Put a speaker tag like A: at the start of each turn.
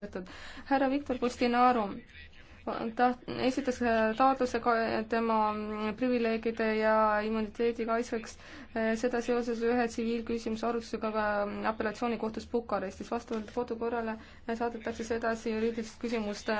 A: tehtud. härra Viktor Postinaru taht-, esitas äh, taotluse ka äh, tema privileegide ja immuniteedi kaitseks, äh, seda seoses ühe tsiviilküsimuse arutlusega ka apellatsioonikohtus Bukarestis. vastavalt kodukorrale saadetakse
B: see edasi juriidilist küsimust